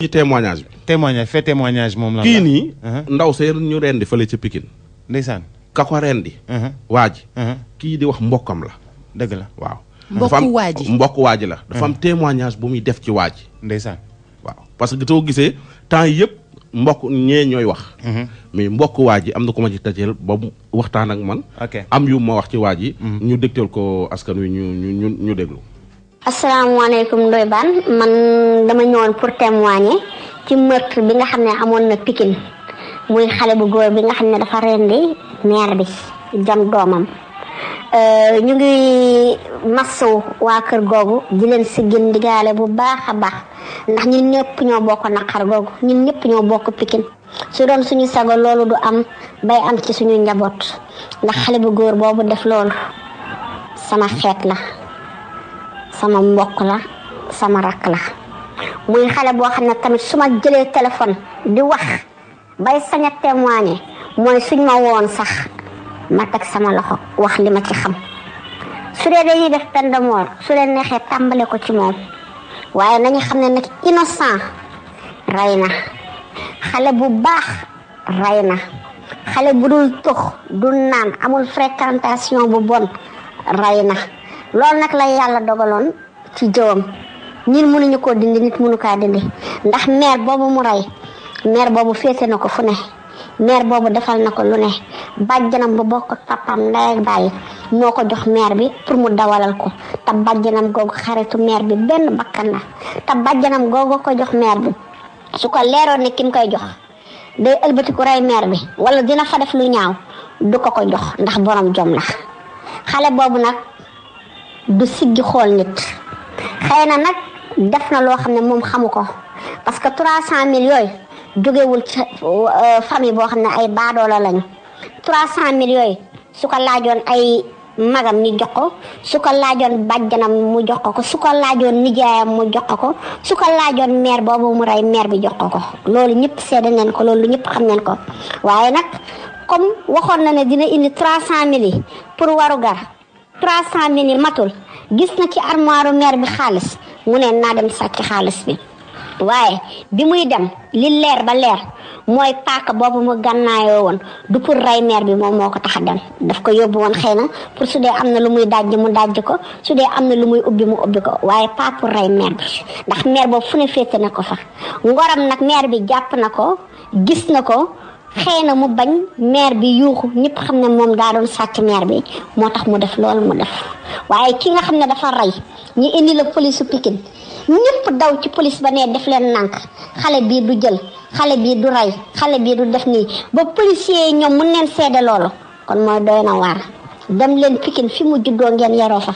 ci témoignage bi. témoignage fait témoignage moom la. kii nii. Uh-huh. ndaw see ñu rendi fële ca Pikine. ndeysaan ka ko rendi. Uh-huh. waa uh-huh. kii di wax mbokkam la. dëgg la waaw. mbokku waa ji waa la. dafa am témoignage bu muy def ci waa ji. ndeysaan waaw parce que soo gisee temps yëpp mbokk ñee ñooy wax. mais mbokk waa ji am na ko ma ci tajeel ba waxtaan ak man. am yu ma wax ci waa ji. ñu dégtal ko askan wi ñu ñu ñu ñu déglu. asalaamaaleykum Ndoye Bane man dama ñëwoon pour témoigner ci meurtre bi nga xam ne amoon na Pikine muy xale bu góor bi nga xam ne dafa rendi mère bi jam doomam euh, ñu ngi massaw waa kër googu di leen si gën bu baax a baax ndax ñun ñëpp ñoo bokk naqar googu ñun ñëpp ñoo bokk Pikine su doon suñu sago loolu du am bay am ci suñu njaboot ndax xale bu góor boobu def loolu sama xeet la sama mbokk la sama rakk muy xale boo xam ne tamit su ma jëlee téléphone di wax bay sañ a témoigner mooy suñ ma woon sax ma teg sama loxo wax li ma ci xam su dee dañuy def peine su leen neexee tàmbale ko ci moom waaye nañu xam ne nag innocent rey na xale bu baax rey na xale bu dul tux du naan amul fréquentation bu bon rey na loolu nag la yàlla dogaloon ci jëwam nit mënuñu koo dindi nit mënu kaa dindi ndax meer boobu mu rey meer boobu féete na ko fu ne meer boobu defal na ko lu ne bàjjanam bu bokk papaam ndey ak bàyyi moo ko jox meer bi pour mu dawalal ko te bàjjanam googu xaritu meer bi benn bakkan la te ko jox meer su ko leeroon ne kim koy jox day ëlbatiku rey meer bi wala dina fa def lu ñaaw du ko ko jox ndax borom jom xale boobu nag du siggi xool nit xëy na nag def na loo xam ne moom xamu ko parce que trois cent mille yooyu jógewul euh, famille boo xam ne ay baadoola lañu trois cent mille yooyu su ko laajoon ay magam ñu jox ko su ko laajoon bàjjanam mu jox ko su ko laajoon nijaayam mu jox ko su ko laajoon maire boobu mu rey maire bi jox ko loolu ñëpp seede neen ko loolu ñëpp xam neen ko waaye nag comme waxoon na ne dina indi trois cent mille pour warugar trois cent mille matul gis na ci armoire maire bi xaalis mu ne naa dem sàcc xaalis bi waaye bi muy dem li leer ba leer mooy paaka boobu mu gànnaayoo woon du pour rey maire bi moom moo ko tax a dem daf ko yóbbu woon xëy na pour su dee am na lu muy dajji mu dajji ko su dee am na lu muy ubbi mu ubbi ko waaye pas pour rey maire bi ndax maire boobu fu ne féete na ko fa ngoram nag maire bi jàpp na ko gis na ko xëy na mu bañ maire bi yuuxu ñëpp xam ne moom daa doon sàcc maire bi moo tax mu def loolu mu def waaye ki nga xam ne dafa rey ñu indi la polisu Pikine ñëpp daw ci police ba ne def leen nànk xale bii du jël xale bii du rey xale bii du def nii ba policiers yi ñoom mun leen seede loolu kon mooy doy na waar dem leen Pikine fi mu juddoo ngeen yaroo fa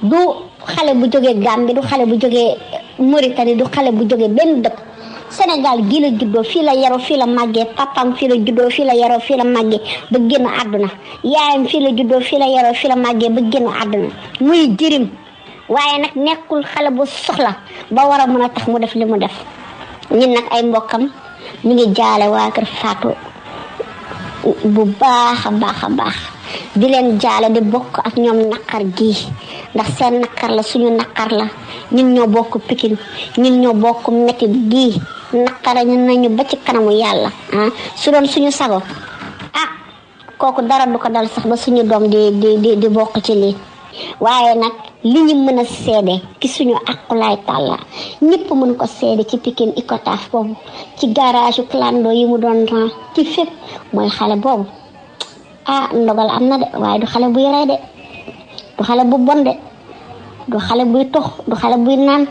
du xale bu jógee Gambie du xale bu jógee Mauritanie du xale bu jógee benn dëkk Sénégal gii la juddoo fii la yaroo fii la màggee papam fii la juddoo fii la yaroo fii la màggee ba génn àdduna yaayam fii la juddoo fii yaroo fii la màggee ba génn àdduna mu jirim waaye nag nekkul xale bu soxla ba war a mën a mu def li mu def ñun ay mbokkam ñu ngi jaale waa kër Fatou bu baax a baax di leen jaale di bokk ak ñoom naqar gi ndax seen naqar la suñu naqar la ñun ñoo bokk pikin ñun ñoo bokk métit gi naqara ñun nañu ba ci kanamu yàlla ah. su doon suñu sago ah kooku dara du ko dal sax ba suñu doom di di di bokk ci lii waaye nag li ñu mën a seede ki suñu aqulaay tàlla ñëpp mën ko seede ci pikin ikotaaf boobu ci garage clando yi mu doon ran ci fépp mooy xale boobu ah ndogal am na de waaye du xale bu rey de du xale bu bon de du xale buy tox du xale buy naan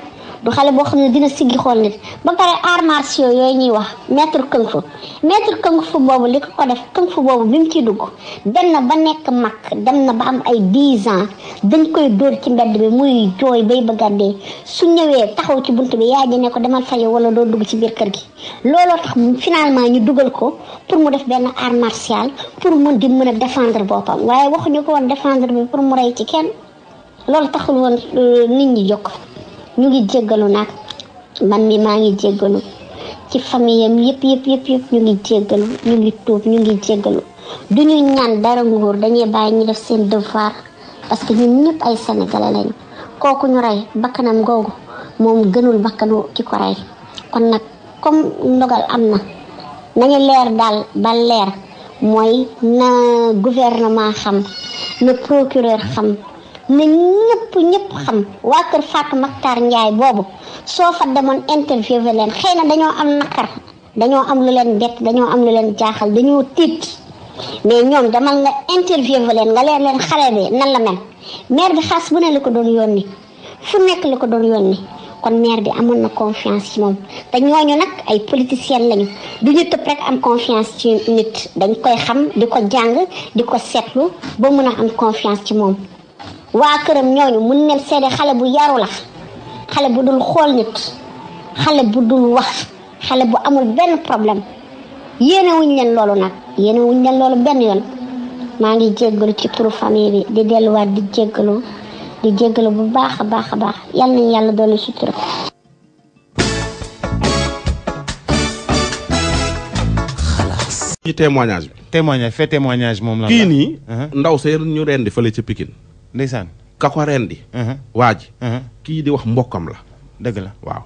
du xale boo xam ne dina siggi xool nit ba pare arts martiaux yooy ñuy wax maître kung fu maître kung fu boobu li ko ko def kung fu boobu bi mu ciy dugg dem na ba nekk mag dem na ba am ay dix ans dañ dóor ci mbedd bi muy jooy bay bëgg a dee su ñëwee taxaw ci bunt bi yaay ji ne ko demal fayu wala doo dugg ci biir kër gi looloo tax finalement ñu dugal ko pour mu def benn art martial pour mun di mën a défendre boppam waaye waxuñu ko woon défendre bi pour mu rey ci kenn loolu taxul woon euh, nit ñi jokk ñu ngi jéggalu nag man mi maa ngi jéggalu ci famille am yëpp yëpp yëpp yëpp ñu ngi jéggalu ñu ngi tuub ñu ngi jéggalu du ñu ñaan dara nguur dañuy bàyyi ñu def seen devoir parce que ñun ñëpp ay sénégalais lañu kooku ñu rey bakkanam googu moom gënul bakkanu ki ko rey kon nag comme ndogal am na nañu leer daal ba leer mooy na gouvernement xam na procureur xam na ñëpp ñëpp xam waa kër Fatou Mactar Ndiaye boobu soo fa demoon interviewé leen xëy na dañoo am naqar dañoo am lu leen bett dañoo am lu leen jaaxal dañoo tiit mais ñoom dama nga interviewé leen nga leen leen xale bi nan la mel maire bi xaas bu ne la ko doon yónni fu nekk la ko doon yónni kon maire bi amoon na confiance ci moom te ñooñu nag ay politiciens lañu du ñu tëb rek am confiance ci nit dañ koy xam di ko jàng di ko seetlu ba mun a am confiance ci moom. واكرم نيوني منال سيدي خالي بو يارو لا خالي بو دول خول نيت خالي بو دول واخ خالي بو امول بن بروبليم يينا وين نيل لولو نا يينا وين نيل لولو بن يون ماغي جيغلو سي برو فامي بي دي ديلو وات دي جيغلو دي جيغلو بو باخ باخ باخ يالا يالا دول سي ترو témoignage témoignage fait témoignage mom la ki ni uh-huh. ndaw sey ñu rendi fele ci pikine ndeysaan ka ko reen di uh-huh. waa ji uh-huh. kii di wax mbokkam la dëgg la waaw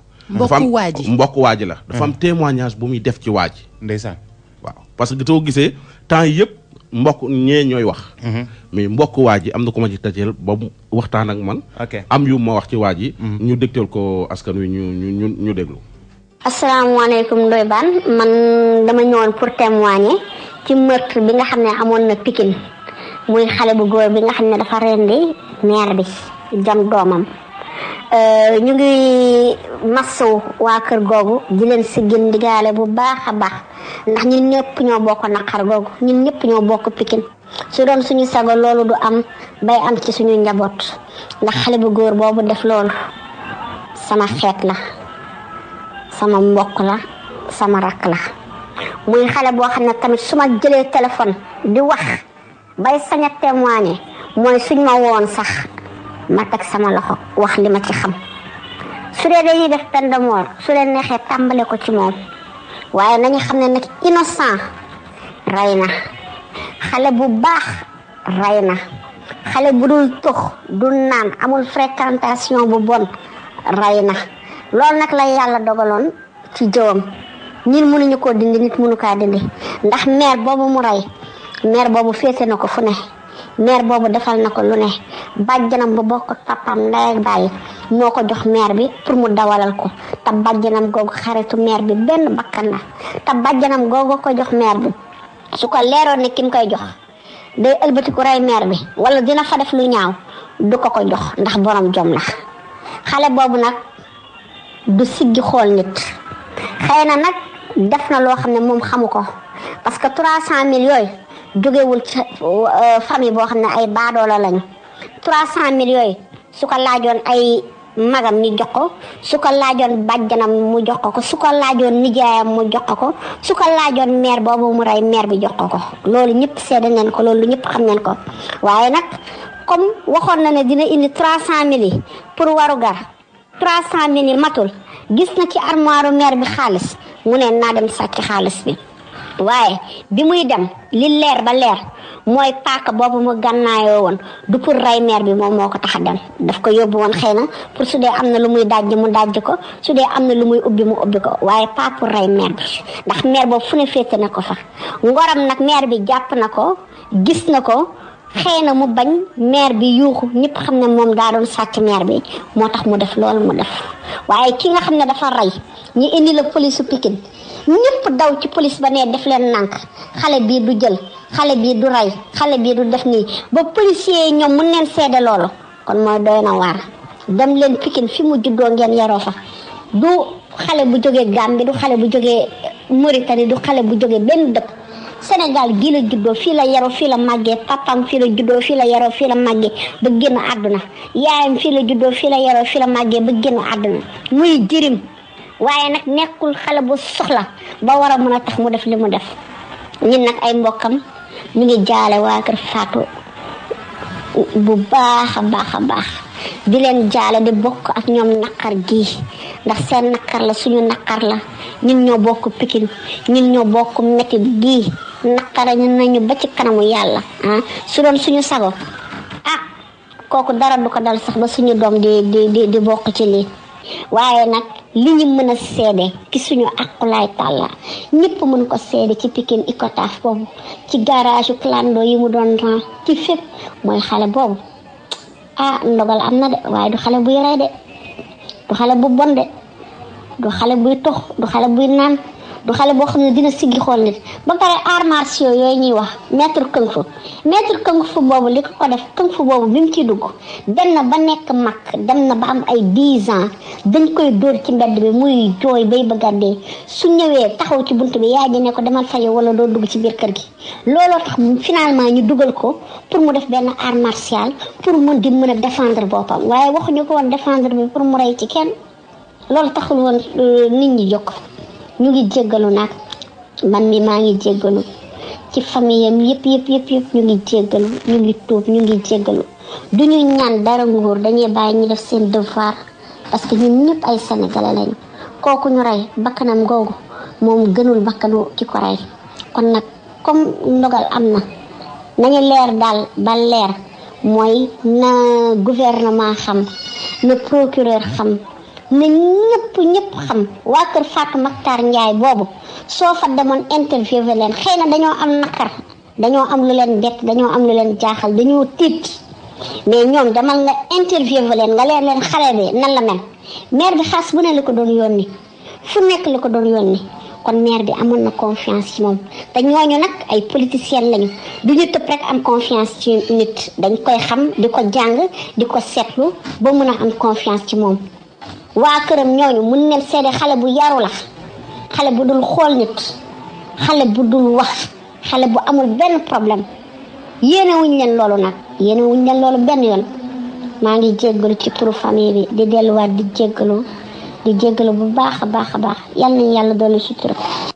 waa ji mbokk waa ji la dafa am uh-huh. témoignage bu muy def ci waa ji ndeysaan waaw parce que soo gisee temps yëpp mbokk ñee ñooy wax mais mbokk waa ji am na ko ma ci tajeel ba waxtaan ak man am yu ma wax ci waa ji ñu dégtal ko askan wi ñu ñu ñu déglu asalaamaaleykum Ndoye man dama ñëwoon pour témoigner ci meurtre bi nga xam ne amoon na Pikine muy xale bu góor bi nga xam ne dafa rendi meer bi jam doomam euh, ñu ngi masu waa kër googu di leen si gën digaale bu baax a baax ndax ñun ñëpp ñoo bokk naqar googu ñun ñëpp ñoo bokk pikin su doon suñu sago loolu du am bay am ci suñu njaboot ndax xale bu góor boobu def loolu sama xeet la sama mbokk la sama rakk la muy xale boo xam ne tamit suma jëlee téléphone di wax bay sañ a témoigner mooy suñ ma woon sax ma teg sama loxo wax li ma ci xam su dee dañuy def peine su dee neexee tàmbale ko ci moom waaye nañu xam ne nag innocent rey na xale bu baax rey na xale bu dul tux du naan amul fréquentation bu bon rey na loolu nag la yàlla dogaloon ci jëwam ñun mënuñu koo dindi nit mënu kaa dindi ndax meer boobu mu rey mère boobu féete na ko fu ne mère boobu defal na ko lu ne bàjjanam bu bokk papam ndey ak bàyyi moo ko jox mère bi pour mu dawalal ko te bàjjanam googu xaritu meer bi benn bakkan la te bàjjanam googu ko jox mère bi su ko leeroon ne kim koy jox day ëlbatiku rey mère bi wala dina fa def lu ñaaw du ko ko jox ndax borom jom la xale boobu nag du siggi xool nit xëy na nag def na loo xam ne moom xamu ko parce que trois cent mille yooyu jógewul ci euh, famille boo xam ne ay baadoola lañu trois cent mille yooyu su ko laajoon ay magam nu jox ko su ko laajoon bàjjanam mu jox ko su ko laajoon nijaayam mu jox ko su ko laajoon meer boobu mu rey maire bi jox ko loolu ñëpp seede neen ko loolu ñëpp xam neen ko waaye nag comme waxoon na ne dina indi trois cent mille pour warugar trois cent mille matul gis na ci armoire maire bi xaalis mu ne naa dem sàcc xaalis bi waaye bi muy dem li leer ba leer mooy paaka boobu mu gànnaayoo woon du pour rey meer bi moom moo ko tax a dem daf ko yóbbu woon xëy pour su dee am na lu muy dajji mu dajji ko su dee am na lu muy ubbi mu ubbi ko waaye pas pour rey meer bi ndax meer boobu fu ne féete na ko fa ngoram nag meer bi jàpp na ko gis na ko xëy na mu bañ meer bi yuuxu ñépp xam ne moom daa doon sàcc meer bi moo tax mu def loolu mu def waaye ki nga xam ne dafa rey ñi indi ñëpp daw ci police ba ne def leen nànk xale bii du jël xale bii du rey xale bii du def nii ba policiers yi ñoom mun leen seede loolu kon mooy doy na waar dem leen Pikine fi mu juddoo ngeen yaroo fa du xale bu jógee Gambie du xale bu jógee Mauritanie du xale bu jógee benn dëkk senegal gii la juddoo fii la yaroo fii la màggee papaam fii la juddoo fii la yaroo fii la màggee ba génn àdduna yaayam fii la juddoo fii la yaroo fii la màggee ba génn àdduna muy jirim waaye nag nekkul xale bu soxla ba war a mën a tax mu def li mu def ñun nag ay mbokkam mi ngi jaale waa kër Fatou bu baax a baax a baax di leen jaale di bokk ak ñoom naqar gi ndax seen naqar la suñu naqar la ñun ñoo bokk pikin ñun ñoo bokk metit gii naqara ñu nañu ba ci kanamu yàlla ah su doon suñu sago ah kooku dara du ko dal sax ba suñu doom di di di bokk ci lii waaye nag li ñu mën a seede ki suñu aqulaay tàlla ñëpp mën ko seede ci Pikine Icotaf boobu ci garage clando yi mu doon ran ci fépp mooy xale boobu ah ndogal am na de waaye du xale buy rey de du xale bu bon de du xale buy tox du xale buy naan du xale boo xam ne dina siggi xool nit ba pare arts martiaux yooyu ñuy wax maître kung fu maître kung fu boobu li ko def kung fu boobu bi mu ciy dugg dem na ba nekk mag dem na ba am ay dix ans koy dóor ci mbedd bi muy jooy bay bëgg a dee su taxaw ci bunt bi yaay ji ne ko demal fayu wala doo dugg ci biir kër gi looloo tax maa ñu dugal ko pour mu def benn art martial pour mun di mën a défendre boppam waaye waxuñu ko woon défendre bi pour mu rey ci kenn loolu taxul woon euh, nit ñi jokk ñu ngi jéggalu nag man mi maa ngi jéggalu ci famille am yëpp yëpp yëpp yëpp ñu ngi jéggalu ñu ngi tuub ñu ngi jéggalu du ñu ñaan dara nguur dañuy bàyyi ñu def seen devoir parce que ñun ñëpp ay sénégalais lañu kooku ñu rey bakkanam googu moom gënul bakkanu ki ko rey kon nag comme ndogal am na nañu leer daal ba leer mooy na gouvernement xam na procureur xam na ñëpp ñëpp xam waa kër Fatou Makhtar Ndiaye boobu soo fa demoon interviewé leen xëy na dañoo am naqar dañoo am lu leen bett dañoo am lu leen jaaxal dañoo tiit mais ñoom dama nga interviewé leen nga leen leen xale bi nan la mel maire bi xas bu ne la ko doon yónni fu nekk la ko doon yónni kon maire bi amoon na confiance ci moom te ñooñu nag ay politiciens lañu du ñu tëb rek am confiance ci nit dañ koy xam di ko jàng di ko seetlu ba mun a am confiance ci moom. واكرم نيوني من نلسي خالة بو يارو لخ خالة بو دول خول نت خالة بو دول وخ خالة بو أمو بن problem يينا وينيان لولو نا يينا وينيان لولو بن يول ما عندي جيغلو تي برو فامي بي دي دلوار دي جيغلو دي جيغلو بباخ باخ باخ يالن يالن دولو شترو